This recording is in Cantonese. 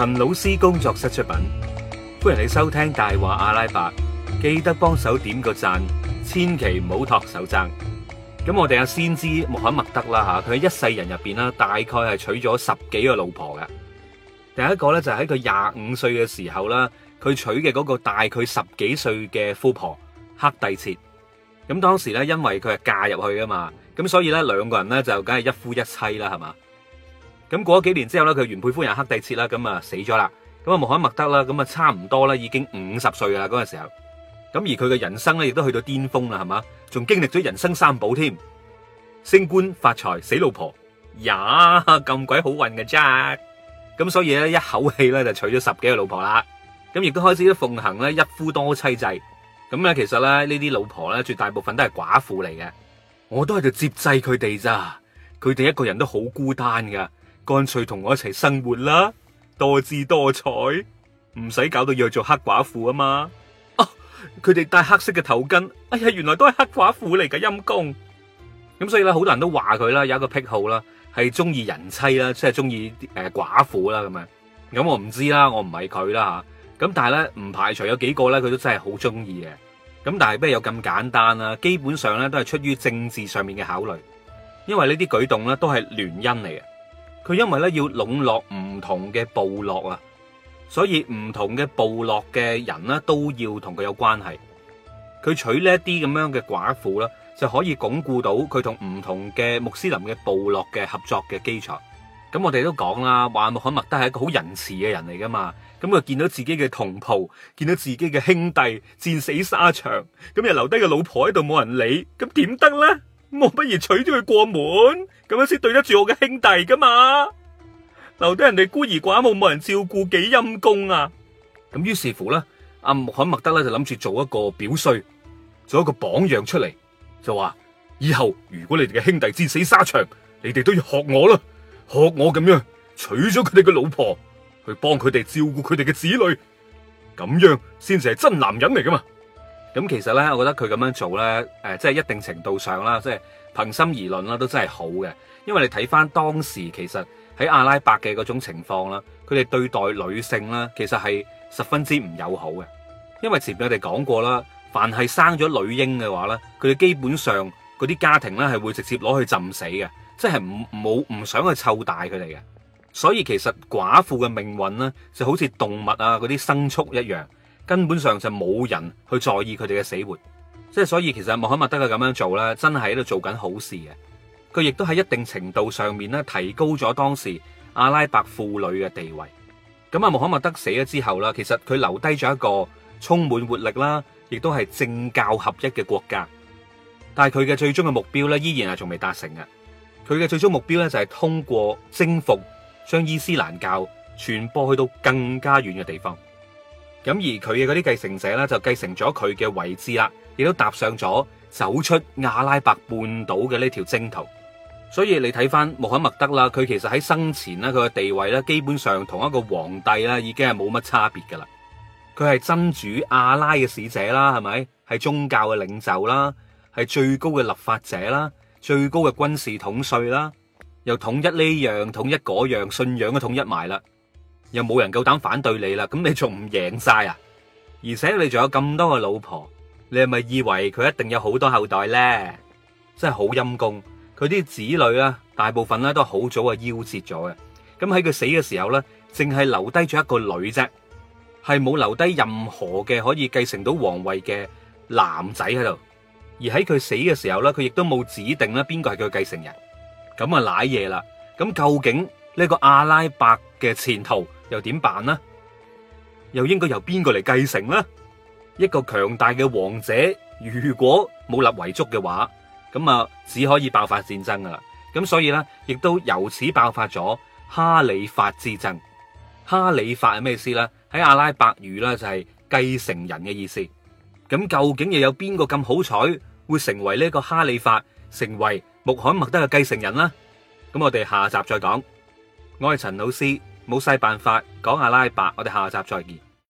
陳老師工作室出品，歡迎你收聽《大話阿拉伯》，記得幫手點個讚，千祈唔好托手踭。咁我哋阿先知穆罕默德啦吓，佢喺一世人入邊啦，大概係娶咗十幾個老婆嘅。第一個咧就喺佢廿五歲嘅時候啦，佢娶嘅嗰個大佢十幾歲嘅富婆黑帝切。咁當時咧，因為佢係嫁入去啊嘛，咁所以咧，兩個人咧就梗係一夫一妻啦，係嘛。咁過咗幾年之後咧，佢原配夫人黑帝切啦，咁啊死咗啦，咁啊穆罕默德啦，咁啊差唔多啦，已經五十歲啦嗰陣時候，咁而佢嘅人生咧亦都去到巔峰啦，係嘛？仲經歷咗人生三寶添，升官發財死老婆，呀咁鬼好運嘅啫，咁所以咧一口氣咧就娶咗十幾個老婆啦，咁亦都開始咧奉行咧一夫多妻制，咁啊其實咧呢啲老婆咧絕大部分都係寡婦嚟嘅，我都係就接濟佢哋咋，佢哋一個人都好孤單噶。乾脆同我一齊生活啦，多姿多彩，唔使搞到要做黑寡婦啊嘛！哦，佢哋戴黑色嘅頭巾，哎呀，原來都係黑寡婦嚟嘅陰公。咁所以咧，好多人都話佢啦，有一個癖好啦，係中意人妻啦，即係中意誒寡婦啦咁樣。咁我唔知啦，我唔係佢啦吓。咁但係咧，唔排除有幾個咧，佢都真係好中意嘅。咁但係咩有咁簡單啦？基本上咧都係出於政治上面嘅考慮，因為呢啲舉動咧都係聯姻嚟嘅。佢因為咧要籠絡唔同嘅部落啊，所以唔同嘅部落嘅人呢都要同佢有關係。佢娶呢一啲咁樣嘅寡婦啦，就可以鞏固到佢同唔同嘅穆斯林嘅部落嘅合作嘅基礎。咁我哋都講啦，話穆罕默德係一個好仁慈嘅人嚟噶嘛。咁佢見到自己嘅同袍，見到自己嘅兄弟戰死沙場，咁又留低個老婆喺度冇人理，咁點得咧？我不如娶咗佢過門，咁樣先對得住我嘅兄弟噶嘛？留低人哋孤兒寡母冇人照顧，幾陰功啊！咁於是乎咧，阿、啊、穆罕默德咧就諗住做一個表率，做一個榜樣出嚟，就話以後如果你哋嘅兄弟戰死沙場，你哋都要學我咯，學我咁樣娶咗佢哋嘅老婆，去幫佢哋照顧佢哋嘅子女，咁樣先至係真男人嚟噶嘛。咁其實呢，我覺得佢咁樣做呢，誒，即係一定程度上啦，即係憑心而論啦，都真係好嘅。因為你睇翻當時其實喺阿拉伯嘅嗰種情況啦，佢哋對待女性啦，其實係十分之唔友好嘅。因為前面我哋講過啦，凡係生咗女嬰嘅話呢，佢哋基本上嗰啲家庭呢，係會直接攞去浸死嘅，即係唔冇唔想去湊大佢哋嘅。所以其實寡婦嘅命運呢，就好似動物啊嗰啲牲畜一樣。根本上就冇人去在意佢哋嘅死活，即係所以其實穆罕默德嘅咁樣做咧，真係喺度做緊好事嘅。佢亦都喺一定程度上面咧，提高咗當時阿拉伯婦女嘅地位。咁啊，穆罕默德死咗之後啦，其實佢留低咗一個充滿活力啦，亦都係政教合一嘅國家。但係佢嘅最終嘅目標咧，依然係仲未達成嘅。佢嘅最終目標咧，就係通過征服，將伊斯蘭教傳播去到更加遠嘅地方。咁而佢嘅嗰啲繼承者咧，就繼承咗佢嘅位置啦，亦都踏上咗走出阿拉伯半島嘅呢條征途。所以你睇返穆罕默德啦，佢其實喺生前咧，佢嘅地位咧，基本上同一個皇帝咧，已經係冇乜差別㗎喇。佢係真主阿拉嘅使者啦，係咪？係宗教嘅領袖啦，係最高嘅立法者啦，最高嘅軍事統帥啦，又統一呢樣統一嗰樣，信仰都統一埋啦。又冇人夠膽反對你啦，咁你仲唔贏晒啊？而且你仲有咁多個老婆，你係咪以為佢一定有好多後代咧？真係好陰功，佢啲子女咧，大部分咧都好早啊夭折咗嘅。咁喺佢死嘅時候咧，淨係留低咗一個女啫，係冇留低任何嘅可以繼承到皇位嘅男仔喺度。而喺佢死嘅時候咧，佢亦都冇指定咧邊個係佢嘅繼承人，咁啊瀨嘢啦。咁究竟呢個阿拉伯嘅前途？又點辦呢？又應該由邊個嚟繼承呢？一個強大嘅王者如果冇立遺囑嘅話，咁啊只可以爆發戰爭噶啦。咁所以呢，亦都由此爆發咗哈里發之爭。哈里發係咩意思啦？喺阿拉伯語呢，就係繼承人嘅意思。咁究竟又有邊個咁好彩會成為呢一個哈里發，成為穆罕默德嘅繼承人呢？咁我哋下集再講。我係陳老師。冇曬辦法講阿拉伯，我哋下集再見。